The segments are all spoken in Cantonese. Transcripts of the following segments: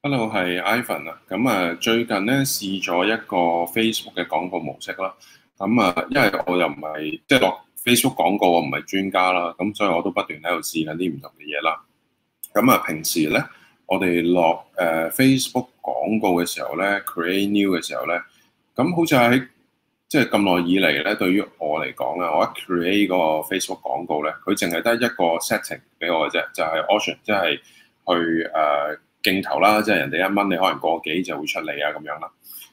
Hello，係 Ivan 啊，咁、嗯、啊最近咧試咗一個 Facebook 嘅廣告模式啦，咁、嗯、啊因為我又唔係即係、就、落、是、Facebook 廣告我唔係專家啦，咁、嗯、所以我都不斷喺度試緊啲唔同嘅嘢啦。咁、嗯、啊平時咧我哋落誒 Facebook 廣告嘅時候咧，create new 嘅時候咧，咁、嗯、好似喺即係咁耐以嚟咧，對於我嚟講咧，我一 create 嗰個 Facebook 廣告咧，佢淨係得一個 setting 俾我嘅啫，就係 option，即係去誒。呃鏡頭啦，即係人哋一蚊，你可能過幾就會出嚟啊咁樣啦。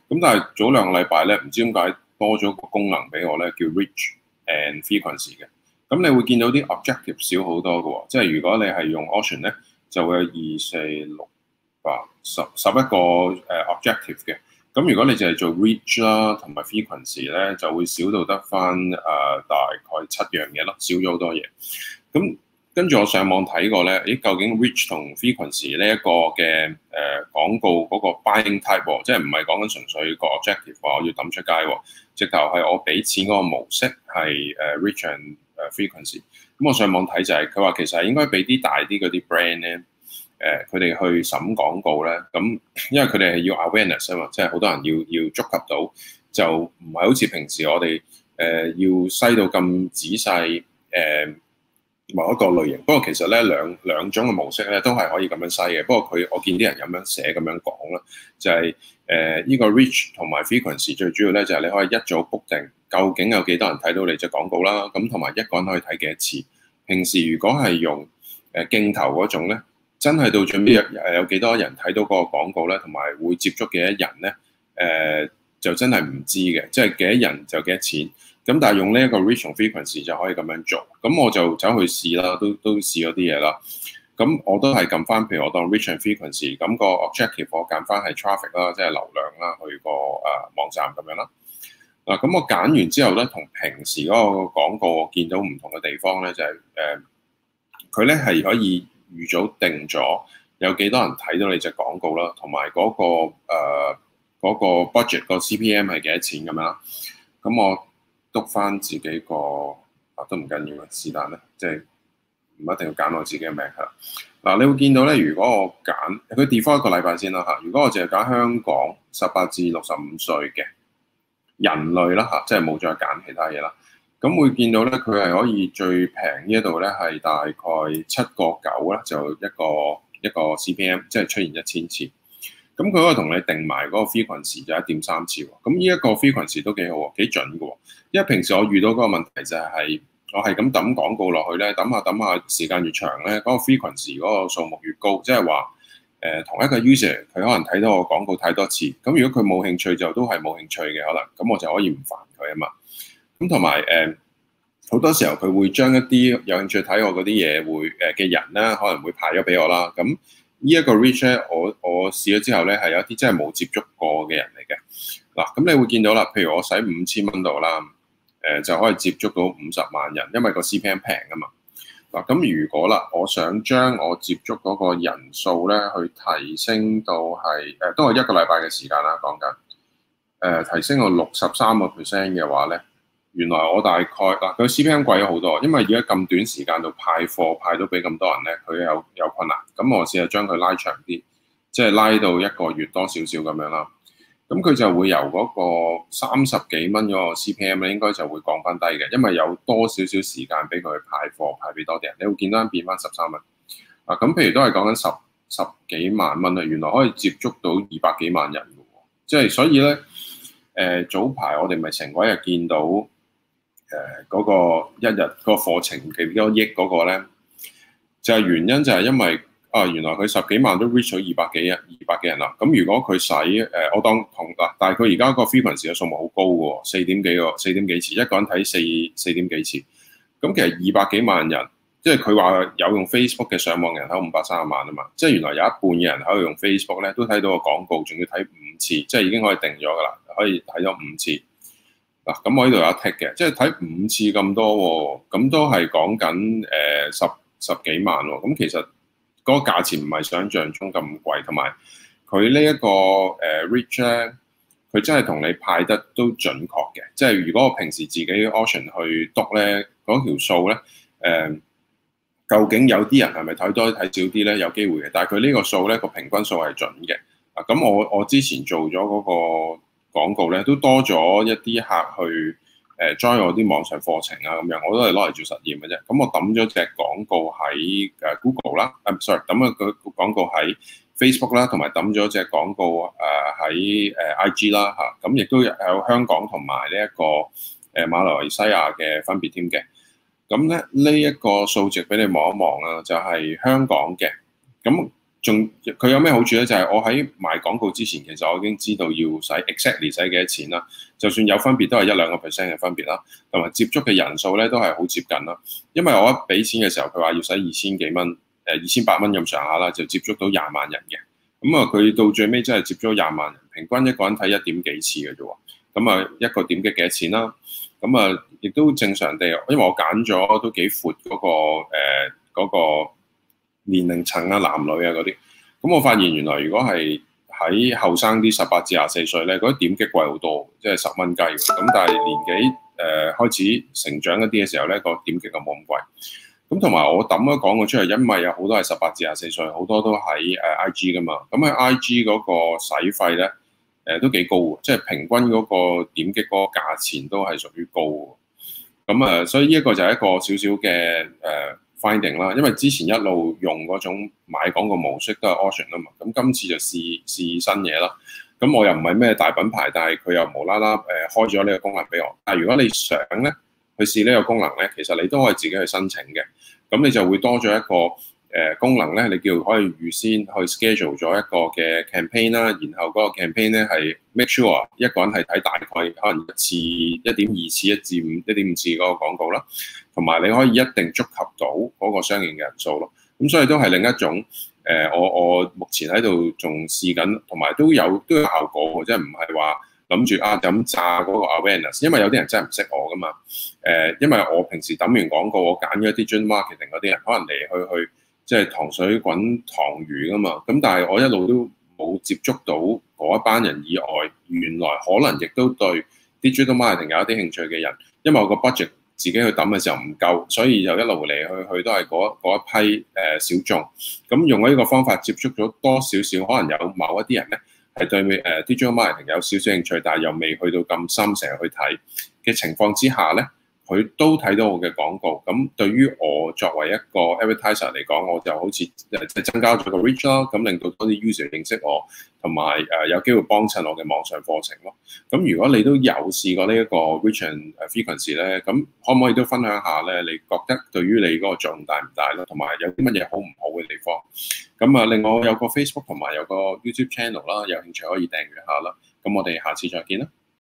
咁但係早兩個禮拜咧，唔知點解多咗個功能俾我咧，叫 Reach and Frequency 嘅。咁、嗯、你會見到啲 Objective 少好多㗎喎、哦，即係如果你係用 Auction 咧，就會有二四六八十十一個誒 Objective 嘅。咁、嗯、如果你淨係做 Reach 啦同埋 Frequency 咧，就會少到得返誒大概七樣嘢咯，少咗好多嘢。咁、嗯跟住我上網睇過咧，咦？究竟 rich 同 frequency 呢一個嘅誒、呃、廣告嗰個 buying type 喎、哦，即係唔係講緊純粹個 objective 話我要抌出街，哦、直頭係我俾錢嗰個模式係誒 rich and frequency、嗯。咁我上網睇就係佢話其實係應該俾啲大啲嗰啲 brand 咧，誒佢哋去審廣告咧，咁、嗯、因為佢哋係要 awareness 啊嘛，即係好多人要要觸及到，就唔係好似平時我哋誒、呃、要篩到咁仔細誒。呃某一個類型，不過其實咧兩兩種嘅模式咧都係可以咁樣篩嘅。不過佢我見啲人咁樣寫咁樣講咧，就係誒呢個 reach 同埋 frequency 最主要咧就係、是、你可以一早 book 定究竟有幾多人睇到你隻廣告啦，咁同埋一個人可以睇幾多次。平時如果係用誒、呃、鏡頭嗰種咧，真係到最尾有有幾多人睇到嗰個廣告咧，同埋會接觸幾多人咧？誒、呃。就真係唔知嘅，即係幾多人就幾多錢。咁但係用呢一個 reach and frequency 就可以咁樣做。咁我就走去試啦，都都試咗啲嘢啦。咁我都係撳翻，譬如我當 reach and frequency，咁個 objective 我揀翻係 traffic 啦，即係流量啦，去個誒、呃、網站咁樣啦。嗱，咁我揀完之後咧，同平時嗰個廣告我見到唔同嘅地方咧，就係誒佢咧係可以預早定咗有幾多人睇到你隻廣告啦，同埋嗰個、呃嗰個 budget 個 CPM 係幾多錢咁樣啦、啊？咁我督翻自己個啊，都唔緊要啊，要就是但咧，即係唔一定要揀我自己嘅名嚇。嗱、啊，你會見到咧，如果我揀佢 default 一個禮拜先啦、啊、嚇。如果我淨係揀香港十八至六十五歲嘅人類啦嚇、啊，即係冇再揀其他嘢啦。咁會見到咧，佢係可以最平呢一度咧係大概七個九啦，就一個一個 CPM，即係出現一千次。咁佢可以同你定埋嗰個 frequency 就一點三次喎。咁呢一個 frequency 都幾好喎，幾準嘅。因為平時我遇到嗰個問題就係，我係咁抌廣告落去咧，抌下抌下，時間越長咧，嗰個 frequency 嗰個數目越高，即係話誒同一個 user 佢可能睇到我廣告太多次。咁如果佢冇興趣就都係冇興趣嘅可能。咁我就可以唔煩佢啊嘛。咁同埋誒好多時候佢會將一啲有興趣睇我嗰啲嘢會誒嘅人咧，可能會派咗俾我啦。咁呢一個 reach 咧，我我試咗之後咧，係有一啲真係冇接觸過嘅人嚟嘅。嗱，咁你會見到啦，譬如我使五千蚊度啦，誒、呃、就可以接觸到五十萬人，因為個 CPM 平啊嘛。嗱，咁如果啦，我想將我接觸嗰個人數咧，去提升到係誒、呃、都係一個禮拜嘅時間啦，講緊誒提升到六十三個 percent 嘅話咧。原來我大概嗱，佢 CPM 貴咗好多，因為而家咁短時間度派貨派到俾咁多人咧，佢有有困難。咁我試下將佢拉長啲，即係拉到一個月多少少咁樣啦。咁佢就會由嗰個三十幾蚊嗰個 CPM 咧，應該就會降翻低嘅，因為有多少少時間俾佢派貨派俾多啲人。你會見到變翻十三蚊。啊，咁譬如都係講緊十十幾萬蚊啊，原來可以接觸到二百幾萬人嘅，即係所以咧，誒、呃、早排我哋咪成個日見到。誒，嗰、呃那個一日嗰、那個課程幾多億嗰個咧，就係、是、原因就係因為啊、呃，原來佢十幾萬都 reach 咗二百幾人，二百幾人啦。咁如果佢使誒，我當同但係佢而家個 frequency 嘅數目好高嘅、哦，四點幾個，四點幾次，一個人睇四四點幾次。咁其實二百幾萬人，即係佢話有用 Facebook 嘅上網人口五百三十萬啊嘛，即、就、係、是、原來有一半嘅人喺度用 Facebook 咧都睇到個廣告，仲要睇五次，即、就、係、是、已經可以定咗噶啦，可以睇咗五次。嗱，咁我呢度有 tick 嘅，即係睇五次咁多、哦，咁都係講緊誒十十幾萬喎、哦。咁、嗯、其實嗰個價錢唔係想像中咁貴，同埋佢呢一個誒 reach，佢真係同你派得都準確嘅。即係如果我平時自己 option 去篤咧，嗰條數咧誒、呃，究竟有啲人係咪睇多睇少啲咧？有機會嘅，但係佢呢個數咧個平均數係準嘅。啊，咁我我之前做咗嗰、嗰個。廣告咧都多咗一啲客去誒 join 我啲網上課程啊咁樣，我都係攞嚟做實驗嘅啫。咁、嗯、我抌咗隻廣告喺誒 Google 啦，I'm sorry，抌咗個廣告喺 Facebook 啦，同埋抌咗隻廣告誒喺誒 IG 啦嚇。咁、啊、亦、嗯、都有香港同埋呢一個誒馬來西亞嘅分別添嘅。咁咧呢一個數值俾你望一望啊，就係、是、香港嘅咁。嗯仲佢有咩好處咧？就係、是、我喺賣廣告之前，其實我已經知道要使 exactly 使幾多錢啦。就算有分別都，都係一兩個 percent 嘅分別啦。同埋接觸嘅人數咧，都係好接近啦。因為我一俾錢嘅時候，佢話要使二千幾蚊，誒二千八蚊咁上下啦，就接觸到廿萬人嘅。咁啊，佢到最尾真係接觸咗廿萬人，平均一個人睇一點幾次嘅啫。咁啊，一個點擊幾多錢啦？咁啊，亦都正常地，因為我揀咗都幾闊嗰個誒嗰個。呃，那個年齡層啊，男女啊嗰啲，咁我發現原來如果係喺後生啲，十八至廿四歲咧，嗰啲點擊貴好多，即係十蚊雞。咁但係年紀誒、呃、開始成長一啲嘅時候咧，個點擊就冇咁貴。咁同埋我抌咗講佢出嚟，因為有好多係十八至廿四歲，好多都喺誒 I G 噶嘛。咁喺 I G 嗰個使費咧，誒、呃、都幾高㗎，即係平均嗰個點擊嗰個價錢都係屬於高㗎。咁啊、呃，所以呢一個就係一個少少嘅誒。呃 finding 啦，因為之前一路用嗰種買廣告模式都係 option 啊嘛，咁今次就試試新嘢啦。咁我又唔係咩大品牌，但係佢又無啦啦誒開咗呢個功能俾我。但係如果你想咧去試呢個功能咧，其實你都可以自己去申請嘅。咁你就會多咗一個。誒、呃、功能咧，你叫可以預先去 schedule 咗一個嘅 campaign 啦，然後嗰個 campaign 咧係 make sure 一個人係睇大概可能一次一點二次一至五一點五次嗰個廣告啦，同埋你可以一定觸及到嗰個相應嘅人數咯。咁所以都係另一種誒、呃，我我目前喺度仲試緊，同埋都有都有效果喎，即係唔係話諗住啊就咁炸嗰個 awareness，因為有啲人真係唔識我噶嘛。誒、呃，因為我平時揼完廣告，我揀咗一啲專 marketing 嗰啲人，可能你去去。即係糖水滾糖魚啊嘛，咁但係我一路都冇接觸到嗰一班人以外，原來可能亦都對 digital marketing 有一啲興趣嘅人，因為我個 budget 自己去揼嘅時候唔夠，所以又一路嚟去去都係嗰一批誒小眾，咁、嗯、用呢個方法接觸咗多少少，可能有某一啲人咧係對誒 digital marketing 有少少興趣，但係又未去到咁深，成日去睇嘅情況之下咧。佢都睇到我嘅廣告，咁對於我作為一個 advertiser 嚟講，我就好似誒即係增加咗個 reach 咯，咁令到多啲 user 認識我，同埋誒有機會幫襯我嘅網上課程咯。咁如果你都有試過呢一個 reach and frequency 咧，咁可唔可以都分享下咧？你覺得對於你嗰個作用大唔大咧？同埋有啲乜嘢好唔好嘅地方？咁啊，另外有個 Facebook 同埋有個 YouTube channel 啦，有興趣可以訂閱下啦。咁我哋下次再見啦。